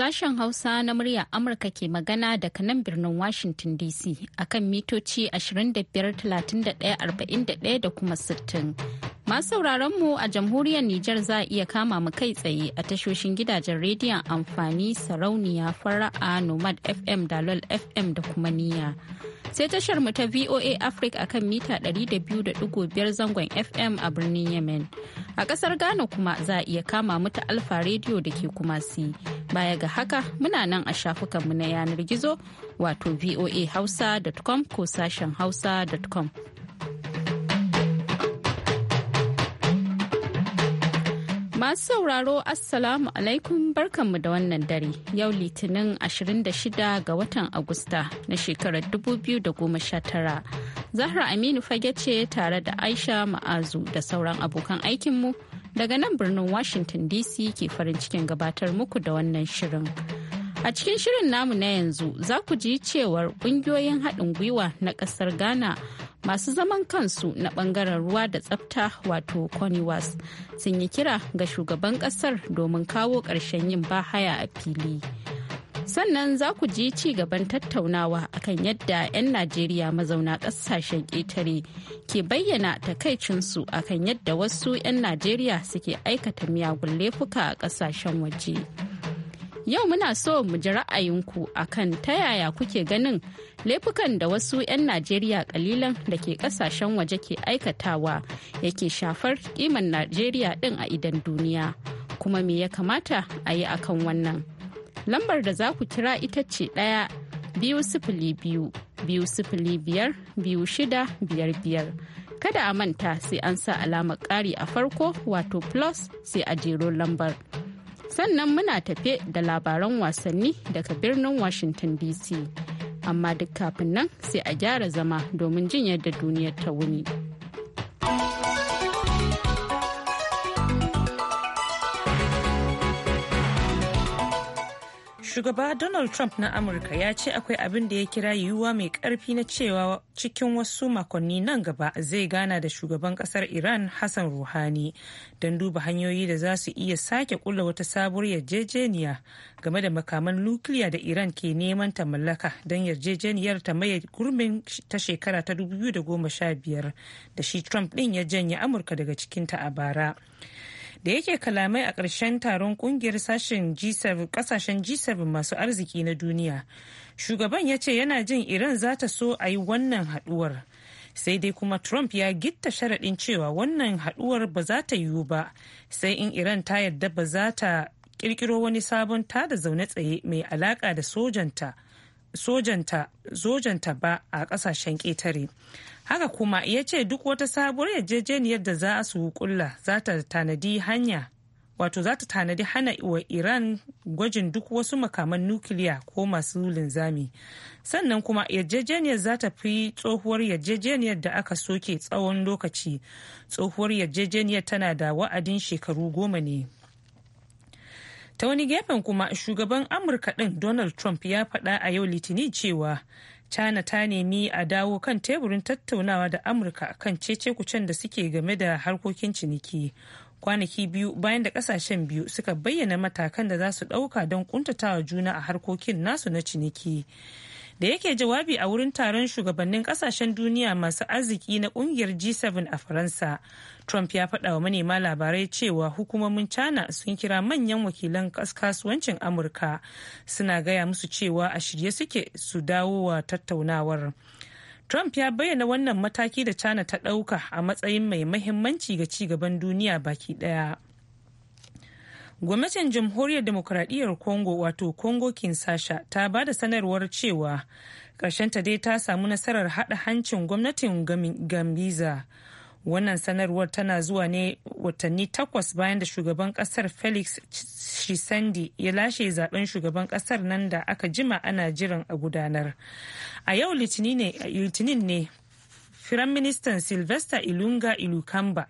Sashen Hausa na murya Amurka ke magana daga nan birnin Washington DC akan mitoci 25, 31, 41 da kuma 60. Masu sauraron mu a jamhuriyar Nijar za a iya kama mu kai tsaye a tashoshin gidajen rediyon amfani sarauniya fara'a Nomad FM Dalol FM da kuma niya Sai tashar mu ta VOA Africa a kan mita 200.5 zangon FM a birnin Yemen. A kasar Ghana kuma za a iya kama mu ta Alfa rediyo da ke kuma si. Baya ga haka muna nan a shafukanmu na yanar gizo wato voa voahausa.com ko sashen hausa.com. Masu sauraro Assalamu alaikum barkanmu da wannan dare yau litinin 26 ga watan Agusta na shekarar 2019. Zahra Aminu fage ce tare da Aisha Ma'azu da sauran abokan aikinmu daga nan birnin Washington DC ke farin cikin gabatar muku da wannan shirin. A cikin shirin namu na yanzu za ku ji cewar ƙungiyoyin haɗin gwiwa na ƙasar Ghana masu zaman kansu na bangaren ruwa da tsafta wato coniwas sun yi kira ga shugaban kasar domin kawo ƙarshen yin bahaya a fili sannan za ku ji ci gaban tattaunawa akan yadda 'yan najeriya mazauna ƙasashen ƙetare ke bayyana takaicinsu akan yadda wasu 'yan najeriya suke aikata miyagun laifuka a ƙasashen waje. Yau muna so mu ji ra'ayinku a kan ta yaya kuke ganin laifukan da wasu 'yan Najeriya kalilan da ke kasashen waje ke aikatawa yake shafar kiman Najeriya din a idan duniya. Kuma me ya kamata a yi akan wannan? Lambar da za ku kira ita ce ɗaya biyu sifili biyu biyu sifili biyar biyu shida biyar biyar. Kada a manta sai an sa alamar ƙari a farko wato plus sai a jero lambar. sannan muna tafe da labaran wasanni daga birnin washington dc amma duk kafin nan sai a gyara zama domin jin yadda duniyar ta wuni. Shugaba Donald Trump na Amurka ya ce akwai abin da ya kira yiwuwa mai karfi na cewa cikin wasu makonni nan gaba zai gana da shugaban kasar Iran Hassan ruhani don duba hanyoyi da za su iya sake kula wata sabuwar yarjejeniya game da makaman nukiliya da Iran ke neman ta mallaka don yarjejeniyar ta maye gurbin ta shekara ta 2015 da shi Trump din ya janye Amurka daga cikinta a bara. da yake kalamai a ƙarshen taron ƙungiyar kasashen G7 masu arziki na duniya. Shugaban ya ce yana jin Iran za ta so a yi wannan haɗuwar. Sai dai kuma Trump ya gitta sharaɗin cewa wannan haɗuwar ba za ta yiwu ba, sai in Iran ta yarda ba za ta ƙirƙiro wani sabon tada zaune tsaye mai alaƙa da sojanta. sojanta ba a kasashen ƙetare haka kuma ya ce duk wata sabuwar yarjejeniyar da za su kulla za ta tanadi hanya wato za ta tanadi hana wa iran gwajin duk wasu makaman nukiliya ko masu linzami sannan kuma yarjejeniyar za ta fi tsohuwar yarjejeniyar da aka soke tsawon lokaci tsohuwar yarjejeniyar tana da wa'adin shekaru goma ne ta wani gefen kuma shugaban amurka ɗin donald trump ya faɗa a yau litinin cewa china ta nemi a dawo kan teburin tattaunawa da amurka kan cece-kucen da suke game da harkokin ciniki kwanaki biyu bayan da kasashen biyu suka bayyana matakan da za su ɗauka don kuntatawa juna a harkokin nasu na ciniki da yake jawabi a wurin taron shugabannin kasashen duniya masu arziki na kungiyar g7 a faransa trump ya faɗa wa manema labarai cewa hukumomin china sun kira manyan wakilan kasuwancin amurka suna gaya musu cewa a shirye suke su dawo wa tattaunawar Trump ya bayyana wannan mataki da China ta ɗauka a matsayin mai mahimmanci ga ci gaban duniya baki ɗaya. gwamnatin jamhuriyar demokuraɗiyyar congo wato congo kinsasha ta ba da sanarwar cewa ta dai ta samu nasarar haɗa hancin gwamnatin gambiza wannan sanarwar tana zuwa ne watanni takwas bayan da shugaban ƙasar felix shisandi ya lashe zaben shugaban ƙasar nan da aka jima ana jiran a gudanar a yau litinin ne firaministan sylvester ilunga ilukamba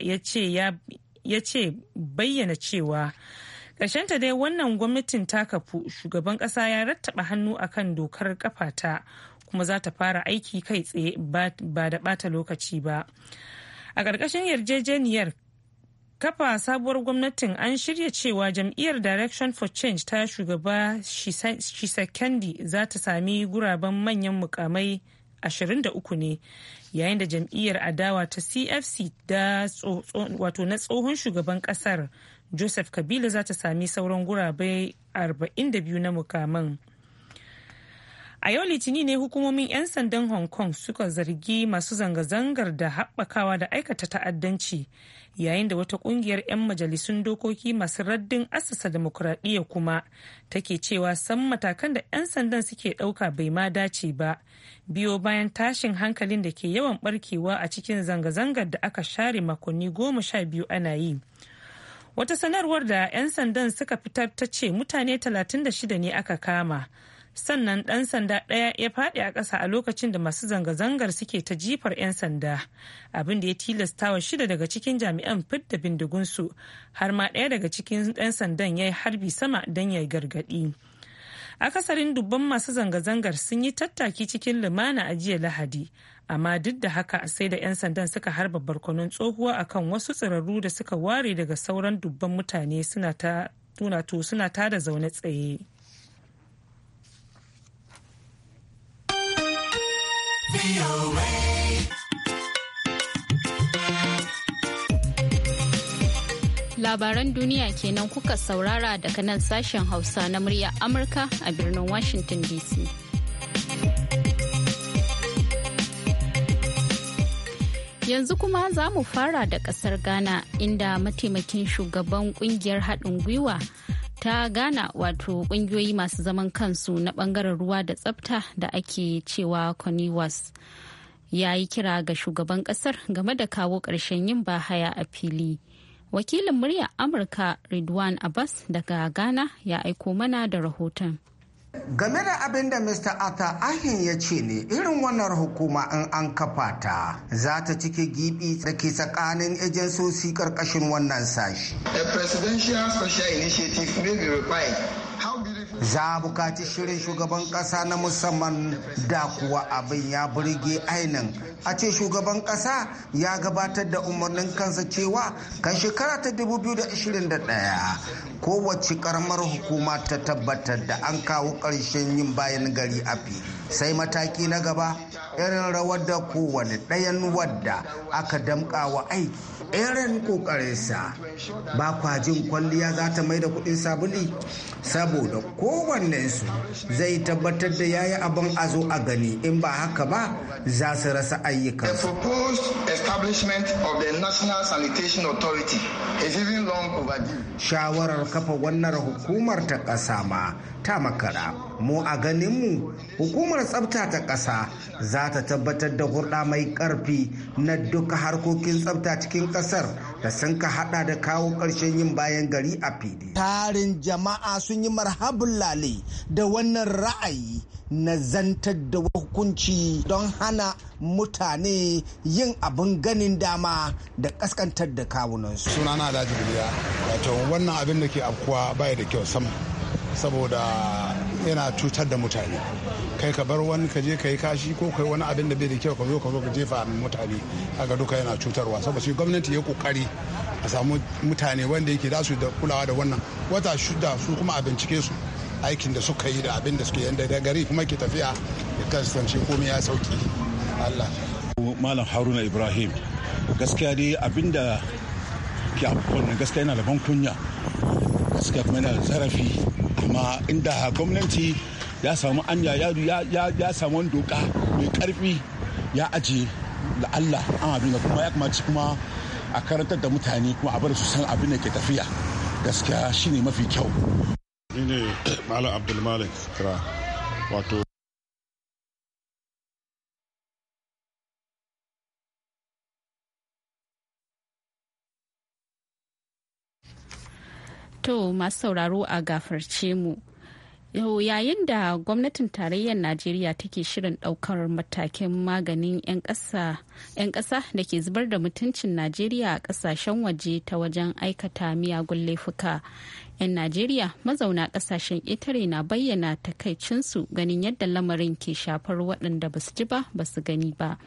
ya ce bayyana cewa ta dai wannan gwamnatin ta kafu shugaban ƙasa ya rattaba hannu akan dokar kafata kuma za ta fara aiki kai tsaye ba da ɓata lokaci ba a ƙarƙashin yarjejeniyar kafa sabuwar gwamnatin an shirya cewa jam'iyyar direction for change ta shugaba shisakendi za ta sami guraben manyan mukamai 23 ne yayin da jam'iyyar adawa ta cfc da wato na tsohon shugaban kasar joseph kabila za ta sami sauran gurabe 42 na mukaman a yau litinin ne hukumomin 'yan sandan hong kong suka zargi masu zanga-zangar da haɓakawa da aikata ta'addanci yayin da wata kungiyar 'yan majalisun dokoki masu raddin asasa demokuraɗiyya kuma take cewa san matakan da 'yan sandan suke ɗauka bai ma dace ba biyo bayan tashin hankalin da ke yawan barkewa a cikin zanga-zangar da aka share makonni goma sha biyu ana yi wata sanarwar da 'yan sandan suka fitar ta ce mutane 36 ne aka kama sannan ɗan sanda ɗaya ya faɗi a ƙasa a lokacin da masu zanga-zangar suke ta jifar 'yan sanda abin da ya tilasta wa shida daga cikin jami'an fidda bindigunsu har ma ɗaya daga cikin 'yan sandan ya yi harbi sama don ya yi gargaɗi akasarin dubban masu zanga-zangar sun yi tattaki cikin lumana a jiya lahadi amma duk da haka sai da 'yan sandan suka harba barkonon tsohuwa akan wasu tsirarru da suka ware daga sauran dubban mutane suna ta suna da zaune tsaye labaran duniya kenan kuka saurara daga nan sashen hausa na murya amurka a birnin washington dc Yanzu kuma za mu fara da kasar Ghana inda mataimakin shugaban kungiyar haɗin gwiwa ta Ghana wato ƙungiyoyi masu zaman kansu na ɓangaren ruwa da tsabta da ake cewa Coniwas. Ya yi kira ga shugaban ƙasar game da kawo ƙarshen yin bahaya a fili. Wakilin murya Amurka Ridwan Abbas daga Ghana ya aiko mana da rahoton. game da abin da mr arthur ahin ya ce ne irin wannan hukuma in an kafa ta za ta cike gibi da ke tsakanin ejensosi karkashin wannan sashi a presidential special initiative may be required. za bukaci shirin shugaban kasa na musamman da kuwa abin ya burge ainin a ce shugaban kasa ya gabatar da umarnin kansa cewa kan shekara ta 2021 kowace karamar hukuma ta tabbatar da an kawo ƙarshen yin bayan gari a fili sai mataki na gaba irin rawar da kowane ɗayan wadda aka damƙa wa aiki irin ƙoƙarinsa ba kwajin kwalliya za ta mai da kuɗin sabuli saboda su zai tabbatar da yayi abin a zo a gani in ba haka ba za su rasa ayyukan. of the National Sanitation Authority Shawarar kafa wannan hukumar ta ƙasa ma ta makara mu a ganinmu hukumar tsabta ta ƙasa za ta tabbatar da hurɗa mai ƙarfi na duka harkokin tsabta cikin ƙasar da sun ka hada da kawo ƙarshen yin bayan gari a fili tarin jama'a sun yi marhabin lale da wannan ra'ayi na zantar da hukunci don hana mutane yin abin ganin dama da kaskantar da kawunansu sunana alhaji wato wannan abin da ke afkuwa baya da kyau sama saboda yana cutar da mutane kai ka bar wani ka je ka yi kashi ko kai wani abin da bai da kyau ka zo ka zo ka jefa mutane kaga duka yana cutarwa saboda shi gwamnati ya kokari a samu mutane wanda yake dasu da kulawa da wannan wata shida su kuma a bincike su aikin da suka yi da abin da suke yanda da gari kuma ke tafiya ya kasance komai ya sauki Allah malam Haruna Ibrahim gaskiya dai abin da ke abubuwan gaskiya yana da ban kunya gaskiya kuma yana zarafi kuma inda gwamnati ya samu anya ya samu wani doka mai karfi ya ajiye da Allah an abin da kuma ya kamaci kuma a karantar da mutane kuma a bar su san abin da ke tafiya gaskiya shine mafi kyau. Ni ne Malam Abdulmalik Kira wato To masu sauraro a gafarce mu. yayin da gwamnatin tarayyar najeriya take shirin daukar matakin maganin 'yan kasa da ke zubar da mutuncin najeriya a kasashen waje ta wajen aikata miyagun laifuka 'yan najeriya mazauna kasashen itare na bayyana takaicinsu ganin yadda lamarin ke shafar waɗanda ba su ji ba ba su gani ba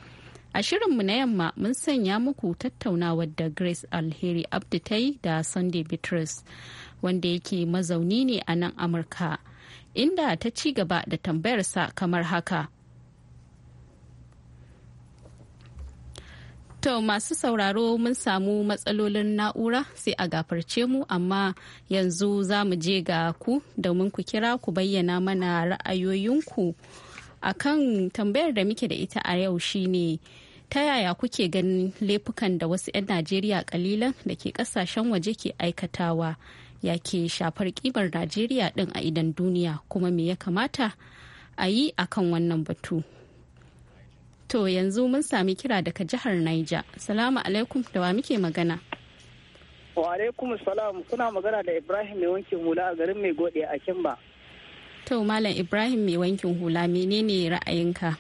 a shirinmu na yamma mun sanya muku tattaunawar da grace alheri abdu ta yi da sunday bitrus wanda yake mazauni ne a nan amurka inda ta ci gaba da tambayarsa kamar haka To masu sauraro mun samu matsalolin na'ura sai a gafarce mu amma yanzu za mu je ga ku domin ku kira ku bayyana mana ra'ayoyinku a kan tambayar da muke da ita a yau shine ta yaya kuke ganin laifukan da wasu 'yan Najeriya kalilan da ke kasashen waje ke aikatawa yake shafar kimar najeriya din a idan duniya kuma me ya kamata a yi a kan wannan batu to yanzu mun sami kira daga jihar niger salamu alaikum da wa muke magana wa alaikum salam kuna magana da ibrahim mai wankin hula a garin mai gode a kimba to malam ibrahim mai wankin hula menene ra'ayinka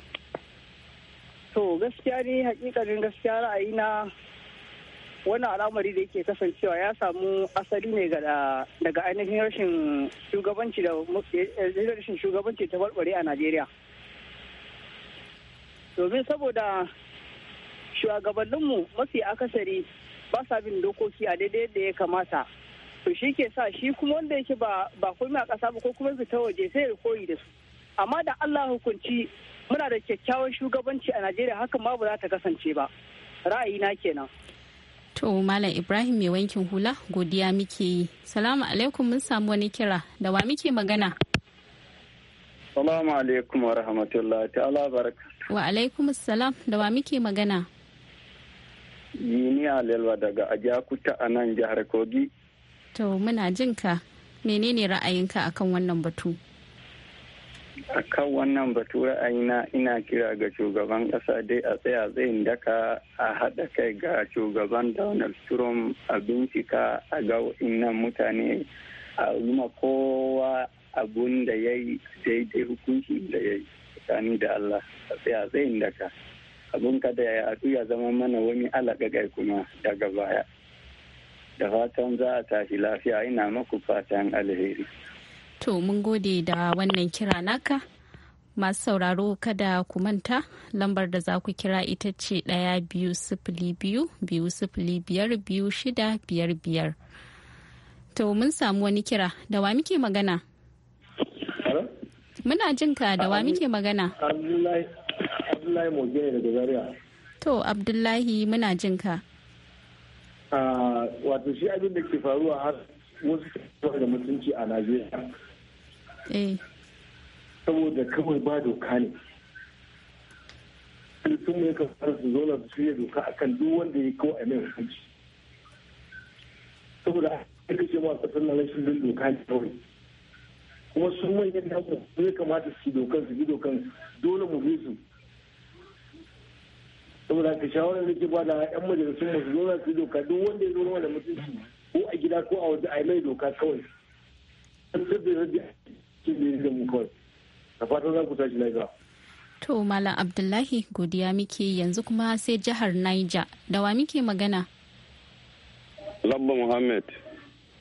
to gaskiya ne hakikalin gaskiya ra'ayina wannan al'amari da yake kasancewa ya samu asali ne daga ainihin rashin shugabanci da eh, rashin shugabanci ta barbare a najeriya domin saboda shugabanninmu mafi akasari ba sa bin dokoki a daidai yadda ya kamata to shi ke sa shi kuma wanda yake ba komi a ƙasa ba ko kuma zita waje sai ya koyi da su amma da allah hukunci muna da kyakkyawan shugabanci a najeriya hakan ma ba za ta kasance ba ra'ayi ra'ayina kenan To Malam Ibrahim mai wankin hula godiya muke yi. Salamu alaikum mun samu wani kira da wa muke magana. Salamu alaikum wa rahmatullahi ta'ala baraka. Wa alaikum salam da wa muke magana. Yini Alelwa daga Ajakuta a nan jihar Kogi. To muna jinka menene ra'ayinka akan wannan batu? a kan wannan batu ra'ayina ina kira ga shugaban ƙasa dai a tsaya tsayin daka a haɗa kai ga shugaban donald trump a bincika a ga nan mutane a zuma kowa abun da ya yi daidai hukuncin da ya yi tsakani da allah a tsaya tsayin daka abun kada ya yi ya zama mana wani alaƙaƙai kuma daga baya da fatan za a tashi lafiya ina maku fatan alheri To mun gode da wannan kira naka. Masu sauraro kada ku manta lambar da za ku kira ita ce ɗaya biyu sifili biyu biyu sifili biyar biyu shida biyar biyar. To mun samu wani kira da wa muke magana? Muna jin ka da wa ah, muke magana? Abdullahi Mogene daga Zaria. To Abdullahi muna jin ka. Ah, wato shi abin da ke faruwa har wasu da mutunci a Najeriya. Eh. saboda kawai ba doka ne sun mai kan fara su zauna su shirya doka akan duk wanda ya kawo a mai hanci saboda a kashe ma a na rashin doka ne kawai kuma sun yin namu ya kamata su dokan su bi dokan dole mu bi su saboda ka shawarar da ke ba da yan majalisun mu su zauna su doka duk wanda ya zo mana mutunci ko a gida ko a waje a mai doka kawai. Sabbin rage to malam abdullahi godiya muke yanzu kuma sai jihar niger da wa muke magana lamba muhammad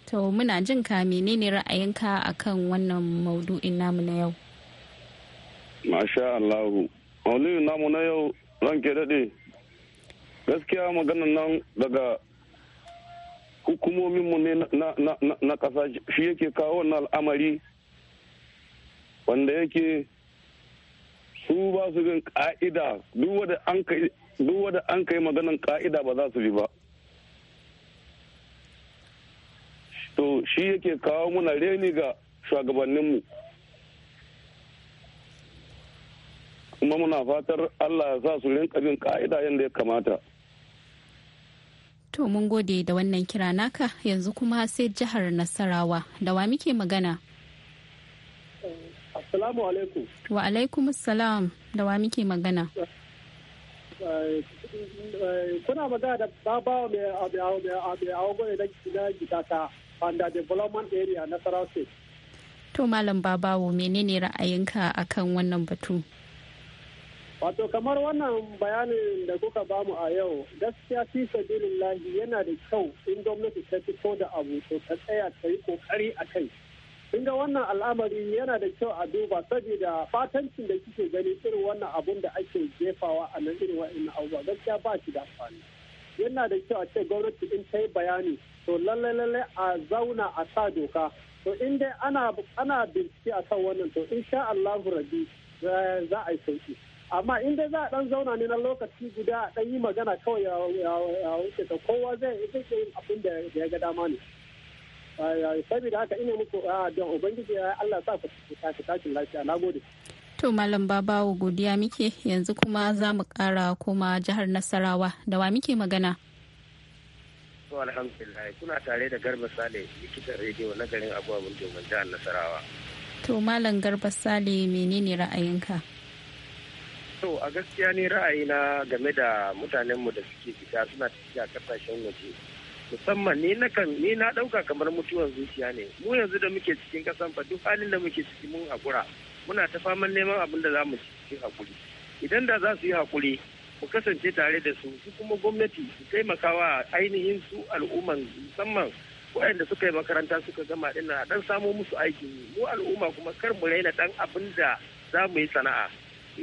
to muna jin ka menene ra'ayinka a kan wannan maudu'in namu na yau masha allahu maudu'in namu na yau ke daɗe gaskiya maganan nan daga hukumominmu ne na ƙasa shi yake kawo wannan al'amari wanda yake su ba su bin ka'ida duk wadda an kai maganan ka'ida ba za su bi ba to shi yake kawo muna reni ga shugabanninmu kuma muna fatar allah ya sa su rinka bin ka'ida yadda ya kamata to mun gode da wannan kira naka yanzu kuma sai jihar nasarawa da wa muke magana Assalamu alaikum. Wa alaikum salam da wa muke magana. Eh, eh, kuna magana da babawa mai agogo da na ta Banda Development Area na Sarau State. To Malam Babawo menene ra'ayinka a kan wannan batu? Wato kamar wannan bayanin da kuka bamu a yau gaskiya fi sabilillahi yana da kyau in gwamnati ta fito da abu to ta tsaya ta yi kokari a kai. kin ga wannan al'amari yana da kyau a duba saboda fatancin da kike gani irin wannan abun da ake jefawa a nan irin wa'in abubuwa gaskiya ba shi da amfani yana da kyau a ce gwamnati in ta yi bayani to lallai lallai a zauna a sa doka to in dai ana ana bincike a kan wannan to in sha Allahu rabi eh, za a yi sauki amma in dai za a dan zauna ne na lokaci guda a dan yi magana kawai ya wuce ta kowa zai yi yin abin da ya ga dama ne saboda haka ina muku don ubangiji ya Allah sa ku lafiya na gode to malam babawo godiya muke yanzu kuma za mu kara kuma jihar nasarawa da wa muke magana to alhamdulillah kuna tare da garba sale likitan rediyo na garin abuwa domin jihar nasarawa to malam garba sale menene ra'ayinka to a gaskiya ne ra'ayina game da mutanenmu da suke fita suna tafiya kasashen waje musamman ni na kan ni na dauka kamar mutuwar zuciya ne mu yanzu da muke cikin kasan fa duk halin da muke ciki mun hakura muna ta faman neman abin da za mu ci hakuri idan da za su yi hakuri mu kasance tare da su su kuma gwamnati su taimakawa ainihin su al'umman musamman waɗanda suka yi makaranta suka gama ɗin a dan samo musu aikin yi mu al'umma kuma kar mu raina dan abin da za mu yi sana'a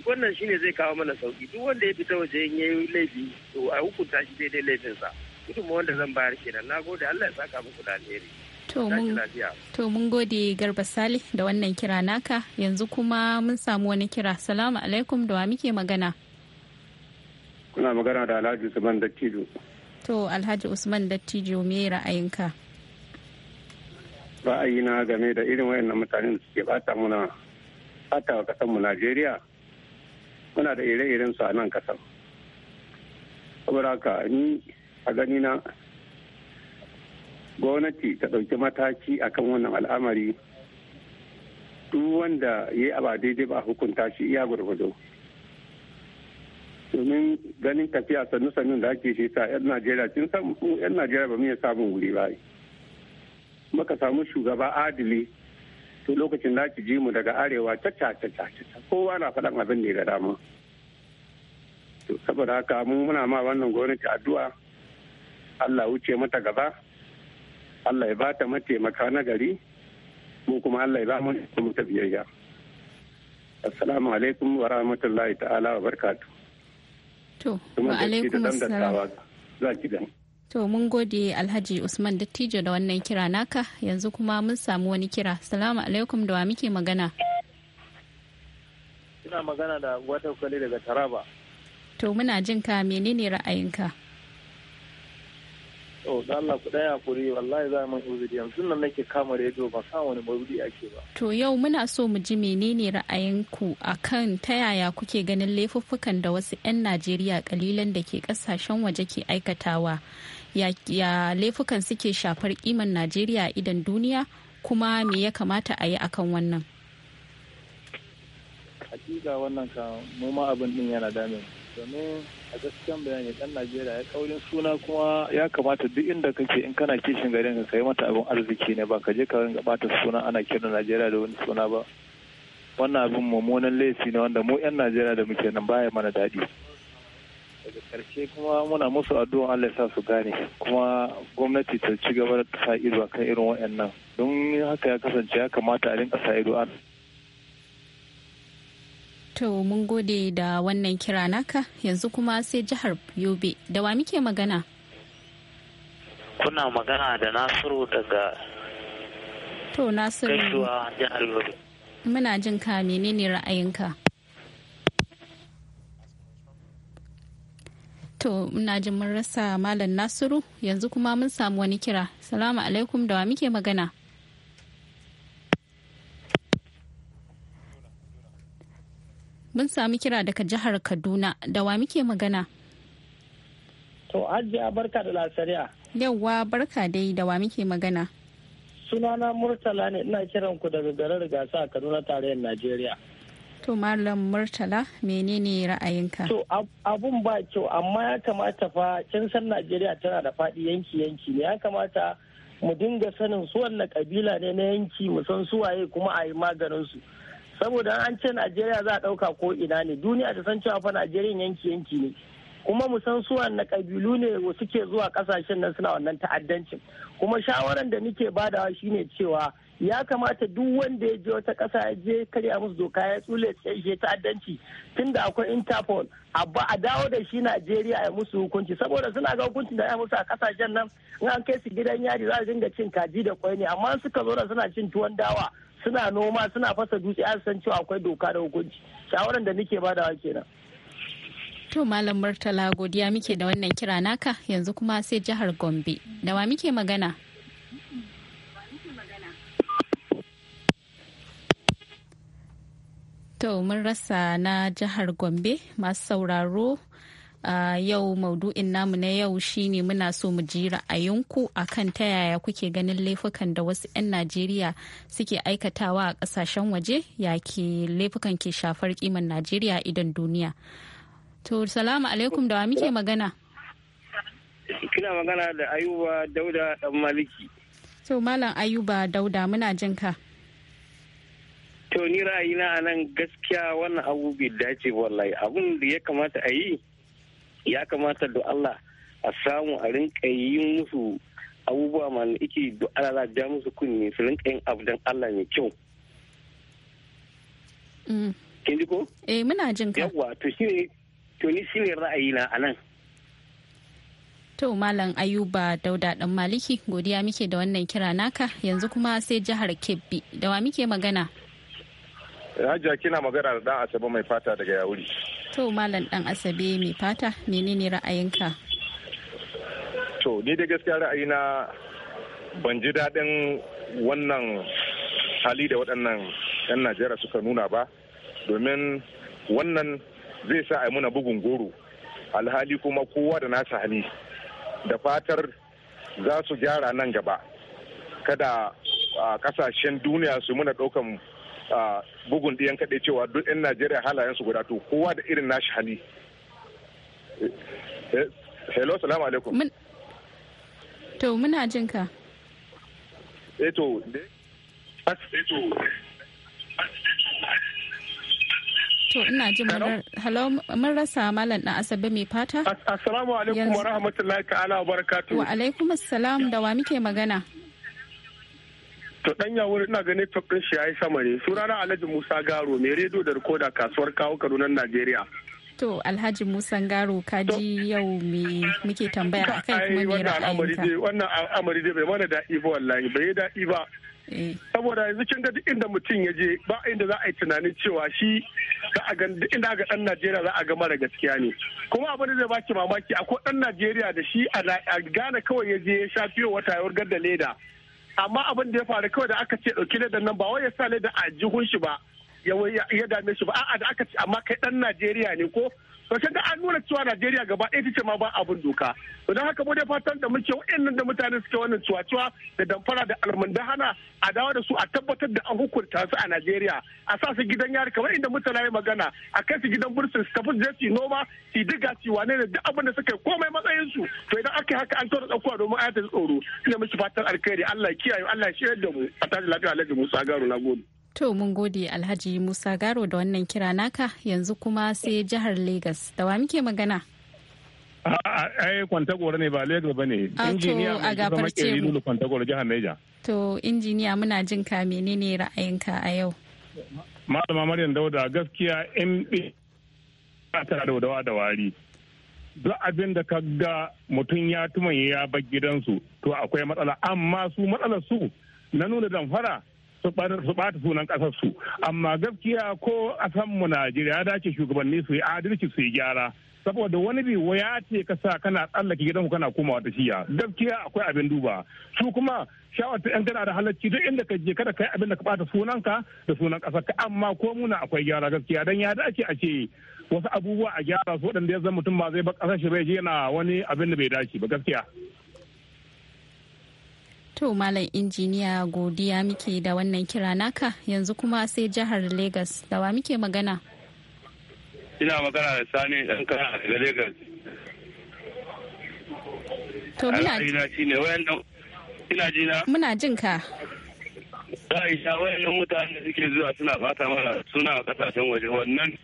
wannan shine zai kawo mana sauki duk wanda ya fita waje ya yi laifi to a hukunta shi daidai laifinsa. gudunmawar da zan bayar kenan na gode allah ya saka muku da alheri To mun gode Garba Salih da wannan kira naka yanzu kuma mun samu wani kira. Salamu alaikum da wa muke magana. Kuna magana da Alhaji Usman Dattijo. To Alhaji Usman Dattijo me ra'ayinka? Ra'ayina game da irin wayannan mutanen da suke bata muna bata wa kasanmu Najeriya. Muna da ire-iren su a nan kasan. Saboda haka ni a gani na gwamnati ta ɗauki mataki akan wannan al'amari duk wanda ya yi a ba daidai ba hukunta shi iya gwargwado domin ganin tafiya sannu sannu da ake shi ta yan najeriya tun samun yan najeriya ba mu yi samun wuri ba muka samu shugaba adili to lokacin da ji mu daga arewa caca caca ta kowa na faɗan abin da dama to saboda haka mu muna ma wannan gwamnati addu'a Allah wuce mata gaba Allah ya bata mataimaka na gari mu kuma Allah ya ba mu mu ta biyayya assalamu alaikum wa rahmatullahi ta'ala wa barkatu to wa alaikum assalam to mun gode alhaji usman dattijo da wannan kira naka yanzu kuma mun samu wani kira salamu alaikum da wa muke magana ina magana da wata kwale daga taraba to muna jin ka menene ra'ayinka to da Allah ku daya wallahi za mu uzuri yanzu nan nake kama rediyo ba sa wani maulidi ake ba to yau muna so mu ji menene ra'ayinku akan ta yaya kuke ganin laifuffukan da wasu 'yan Najeriya kalilan da ke kasashen waje ke aikatawa ya, laifukan suke shafar kiman Najeriya idan duniya kuma me ya kamata a yi akan wannan hakika wannan ka mu ma abin din yana damin domin a gaskiyan bayani dan najeriya ya kaurin suna kuma ya kamata duk inda kake in kana kishin garin ka kai mata abin arziki ne ba ka je ka ringa bata suna ana kiran najeriya da wani suna ba wannan abin mummunan laifi ne wanda mu yan najeriya da muke nan baya mana daɗi daga karshe kuma muna musu addu'a Allah sa su gane kuma gwamnati ta ci gaba da sa ido kan irin waɗannan don haka ya kasance ya kamata a rinka sa ido To mun gode da wannan kira naka yanzu kuma sai jihar Yobe da wa muke magana? Kuna magana da Nasiru daga To Nasiru. Gaisuwa jihar Yobe. Muna jin ka menene ra'ayinka? To muna jin mun rasa Malam Nasiru yanzu kuma mun samu wani kira. Salamu alaikum da wa muke magana? mun sami kira daga jihar Kaduna da wa muke magana. To ajiya barka da lasariya. Yawwa barka dai da wa muke magana. Sunana Murtala ne ina kiran ku daga garar gasa Kaduna tarayyar Najeriya. To Malam Murtala menene ra'ayinka? To abun ba kyau amma ya kamata fa kin san Najeriya tana da fadi yanki yanki ne ya kamata mu dinga sanin su wannan kabila ne na yanki mu san su waye kuma a yi maganin su. saboda an ce najeriya za a ɗauka ko ina ne duniya ta san cewa fa najeriya yanki yanki ne kuma mu san su na kabilu ne suke zuwa kasashen nan suna wannan ta'addancin kuma shawaran da nike badawa shine cewa ya kamata duk wanda ya je wata kasa ya je karya musu doka ya tsule ya ta'addanci tunda akwai interpol abba a dawo da shi najeriya ya musu hukunci saboda suna ga hukuncin da ya musu a kasashen nan in an kai su gidan yari za su dinga cin kaji da kwai ne amma suka zo da suna cin tuwon dawa suna noma suna fasa dutse a san cewa akwai doka da hukunci shawaran da nake badawa kenan to malam murtala godiya muke da wannan kira naka yanzu kuma sai jihar gombe da wa muke magana to mun rasa na jihar gombe masu sauraro Uh, yau maudu'in namu na yau shine muna so mu ji ra'ayinku kan ta yaya kuke ganin laifukan da wasu 'yan najeriya suke aikatawa a kasashen waje ya ke laifukan ke shafar kiman najeriya idan duniya to salamu alaikum da wa muke magana kina magana da ayuba dauda dan maliki to malam ayuba dauda muna jin ka to ni ra'ayina a nan gaskiya wannan abu bai dace wallahi abun da ya kamata a yi ya kamata da Allah a samu a rinka yi musu abubuwa mana ike da Allah ja musu kunne su rinka yin abu don Allah mai kyau. Mm. Kin ji ko? Eh muna jin ka. Yawwa to shi ne to ni shi ne ra'ayi na anan. To Malam Ayuba Dauda Dan Maliki godiya muke da wannan kira naka yanzu kuma sai jihar Kebbi da wa muke magana? Hajiya kina magana da dan Asabe mai fata daga Yauri. To Malam dan Asabe mai fata menene ra'ayinka? To ni da gaskiya ra'ayina ban ji daɗin wannan hali da waɗannan 'yan Najeriya suka nuna ba domin wannan zai sa a yi muna bugun goro alhali kuma kowa da nasa hali da fatar za su gyara nan gaba kada a kasashen duniya su muna ɗaukan bugun ɗiyan kaɗe cewa duk 'yan najeriya halayensu guda to kowa da irin nashi hali eh, hello salamu alaikum to muna jin ka eto eh, eh, To ina ji hello mun rasa malam na asabe mai fata. Assalamu alaikum wa rahmatullahi ta'ala wa barakatuhu. Wa alaikum assalam da wa muke magana? To dan wuri ina ganin top din shi yayi sama ne. na Alhaji Musa Garo mai rediyo da rikoda kasuwar kawo nan Najeriya. To Alhaji Musa Garo ka ji yau me muke tambaya akai kuma me ra'ayinka. Wannan al'amari dai bai mana daɗi ba wallahi bai daɗi ba. Eh. saboda yanzu kin ga duk inda mutum ya je ba inda za a yi tunanin cewa shi za a ga inda ga dan Najeriya za a ga mara gaskiya ne kuma abin da zai baki mamaki akwai dan Najeriya da shi a Ghana kawai ya je ya sha fiye wata ya wargar da leda amma abin da ya faru kawai da aka ce ne da nan ba wai ya sa da a shi ba ya dame shi ba a'a da aka ce amma kai dan Najeriya ne ko to ga an nuna cewa Najeriya gaba ɗaya ta ce ma ba abin doka to don haka mu dai fatan da muke wa'annan da mutane suke wannan cewa cewa da damfara da hana a dawo da su a tabbatar da an hukunta su a Najeriya a sa su gidan yari kamar inda mutane ya magana a kai su gidan bursun su tafi je su noma su diga su wane ne duk abin da suka yi komai matsayin su to idan aka yi haka an tura ɗaukuwa domin ayatul tsoro ina muke fatan alkhairi Allah ya kiyaye Allah shirya da mu a tare lafiya Alhaji Musa Garo na gode To mun gode Alhaji Musa Garo da wannan kira naka yanzu kuma sai jihar Legas da wa muke magana? Ai kwantagoro ne ba Legas ba ne. Injiniya a gafarce mu. Kwantagoro jihar Neja. To injiniya muna jin ka menene ra'ayinka a yau? Malama Maryam Dauda gaskiya in a tara da wadawa da wari. Duk abin da ka ga mutum ya tumaye ya bar gidansu to akwai matsala amma su matsalar su na nuna damfara su ɓata sunan ƙasarsu amma gaskiya ko mu najeriya ya dace shugabanni su yi adalci su yi gyara saboda wani bi waya ce ka sa kana tsallake gidan kana komawa ta shiya gaskiya akwai abin duba su kuma shawar ta yan gada da halacci duk inda ka je kada kai abin da ka ɓata sunanka da sunan kasar ka amma ko muna akwai gyara gaskiya dan ya dace a ce wasu abubuwa a gyara su waɗanda ya zama mutum ba zai ba kasar shi bai je yana wani abin da bai dace ba gaskiya To Malam Injiniya godiya muke da wannan kira naka yanzu kuma sai jihar Legas da wa muke magana. Ina magana da Sani ɗan kana daga Legas. To muna ina jina. Muna jin ka. Aisha wayannan mutane da suke zuwa suna fata mara suna a kasashen waje wannan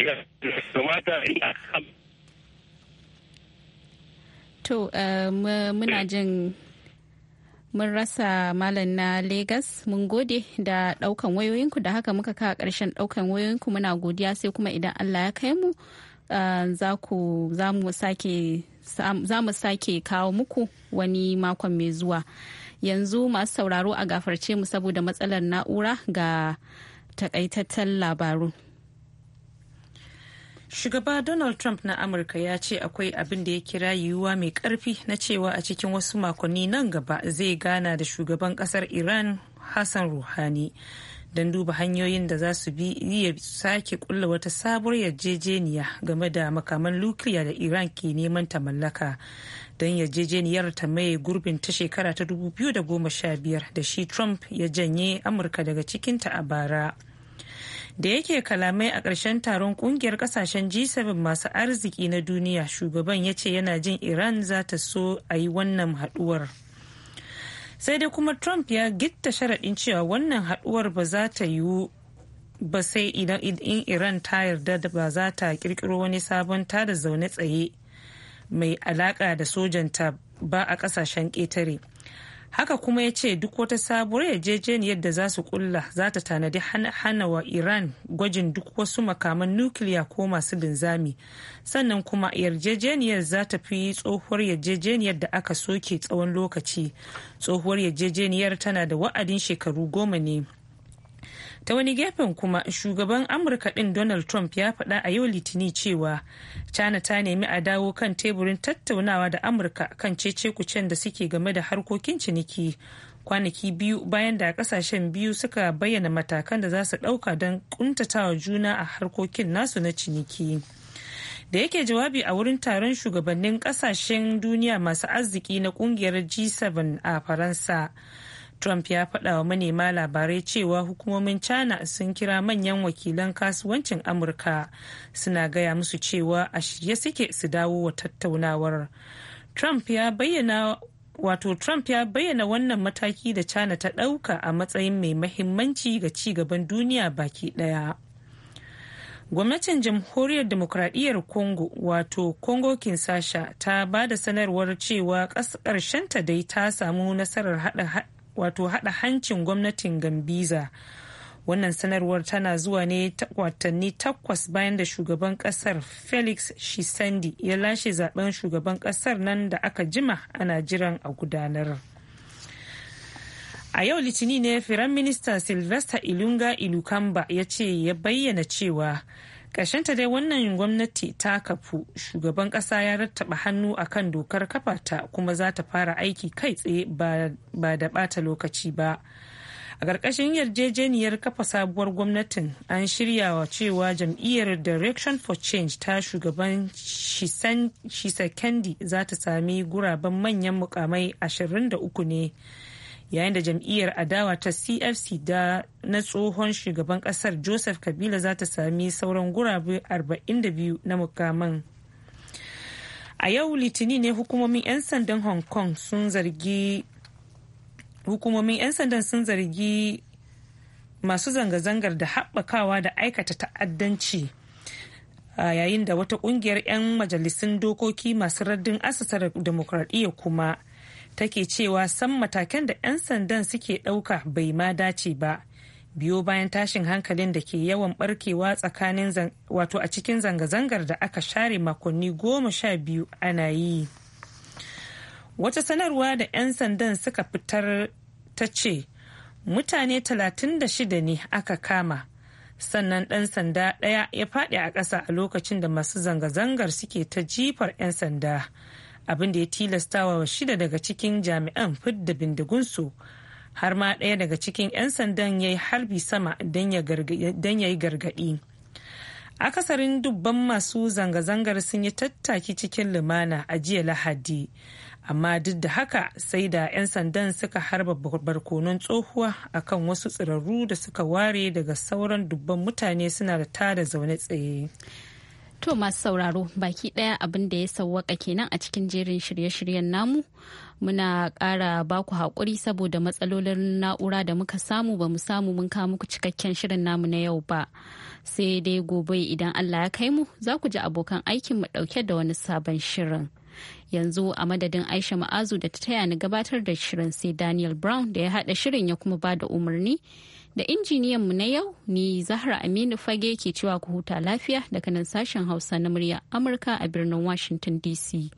ya kamata ina To eh, muna jin mun rasa malam na Legas mun gode da daukan wayoyinku da haka muka kawo ƙarshen daukan wayoyinku muna godiya sai kuma idan Allah ya kai mu eh, za mu sake kawo muku wani makon mai zuwa yanzu masu sauraro a gafarce mu saboda matsalar na'ura ga takaitattun labaru. shugaba donald trump na amurka ya ce akwai abin da ya kira yiwuwa mai karfi na cewa a cikin wasu makonni nan gaba zai gana da shugaban kasar iran hassan ruhani don duba hanyoyin da za su bi iya sake kulla wata sabuwar yarjejeniya game da makaman lukiya da iran ke neman ta mallaka don yarjejeniyar ta mai gurbin ta shekara ta 2015 da shi trump ya janye amurka daga cikinta a bara da yake kalamai a ƙarshen taron ƙungiyar ƙasashen g7 masu arziki na duniya shugaban ya ce yana jin iran za ta so a yi wannan haɗuwar sai dai kuma trump ya gitta sharaɗin cewa wannan haɗuwar ba za ta yiwu ba sai idan iran ta yarda da ba za ta ƙirƙiro wani sabon tada zaune tsaye mai alaƙa da sojanta ba a ƙasashen ƙetare haka kuma ya ce duk wata sabuwar yarjejeniyar da za su kulla za ta tanadi hana wa iran gwajin duk wasu makaman nukiliya ko masu linzami sannan kuma yarjejeniyar za ta fi tsohuwar yarjejeniyar da aka soke tsawon lokaci tsohuwar yarjejeniyar tana da wa'adin shekaru goma ne ta wani gefen kuma shugaban amurka din donald trump ya faɗa a yau litini cewa china ta nemi a dawo kan teburin tattaunawa da amurka kan cece-kucen da suke game da harkokin ciniki kwanaki biyu bayan da kasashen biyu suka bayyana matakan da za su ɗauka don ƙuntatawa juna a harkokin nasu na ciniki da yake jawabi a wurin taron shugabannin kasashen duniya masu arziki na kungiyar g7 a faransa Trump ya faɗa wa manema labarai cewa hukumomin China sun kira manyan wakilan kasuwancin Amurka suna gaya musu cewa a shirye suke su dawo wa tattaunawar. Trump ya bayyana wato Trump ya bayyana wannan mataki da China ta ɗauka a matsayin mai mahimmanci ga ci gaban duniya baki ɗaya. gwamnatin jamhuriyar demokradiyyar congo wato congo kinshasa ta ba da sanarwar cewa ƙarshenta dai ta samu nasarar hada wato hada hancin gwamnatin gambiza wannan sanarwar tana zuwa ne watanni takwas bayan da shugaban kasar felix shisandi ya lashe zaben shugaban kasar nan da aka jima ana jiran a gudanar a yau litini ne firan minista sylvester ilunga ilukamba ya ce ya bayyana cewa ta dai wannan gwamnati ta kafu shugaban ƙasa ya rattaba hannu akan dokar kafata kuma za ta fara aiki kai tsaye ba da ɓata lokaci ba. a ƙarƙashin yarjejeniyar kafa sabuwar gwamnatin an shirya wa cewa jam'iyyar direction for change ta shugaban shisakendi za ta sami guraben manyan mukamai 23 ne yayin da jam'iyyar adawa ta cfc da na tsohon shugaban kasar joseph kabila za ta sami sauran gurabe 42 na mukamman a yau litini ne hukumomin 'yan sandan hong kong sun zargi hukumomin 'yan sandan sun zargi masu zanga-zangar da haɓakawa da aikata ta'addanci yayin da wata ƙungiyar 'yan majalisun dokoki masu raddin asasar demokradiyya kuma take cewa san matakan da 'yan sandan suke ɗauka bai ma dace ba biyo bayan tashin hankalin da ke yawan barkewa tsakanin wato a cikin zanga-zangar da aka share makonni goma sha biyu ana yi wata sanarwa da 'yan sandan suka fitar ta ce mutane 36 ne aka kama sannan ɗan sanda ɗaya ya faɗi a ƙasa a lokacin da masu zanga-zangar suke ta jifar 'yan sanda abin da ya tilastawa shida daga cikin jami'an fidda bindigunsu har ma ɗaya daga cikin 'yan sandan ya yi harbi sama don ya yi gargaɗi akasarin dubban masu zanga-zangar sun yi tattaki cikin lumana a jiya lahadi amma duk da haka sai da 'yan sandan suka harba barkonon tsohuwa akan wasu tsirarru da suka ware daga sauran dubban mutane suna da tada zaune tsaye To masu sauraro baki ɗaya abin da ya sauwaka kenan a cikin jerin shirye-shiryen namu. Muna ƙara baku haƙuri saboda matsalolin na'ura da muka samu ba mu samu mun kawo muku cikakken shirin namu na yau ba. Sai dai gobe idan Allah ya kai mu za ku ji abokan aikin mu ɗauke da wani sabon shirin. Yanzu a madadin Aisha Ma'azu da ta taya ni gabatar da shirin sai Daniel Brown da ya haɗa shirin ya kuma ba da umarni. da injiniyan mu na yau ni zahra aminu fage ke cewa ku huta lafiya daga nan sashen hausa na murya amurka a birnin washington dc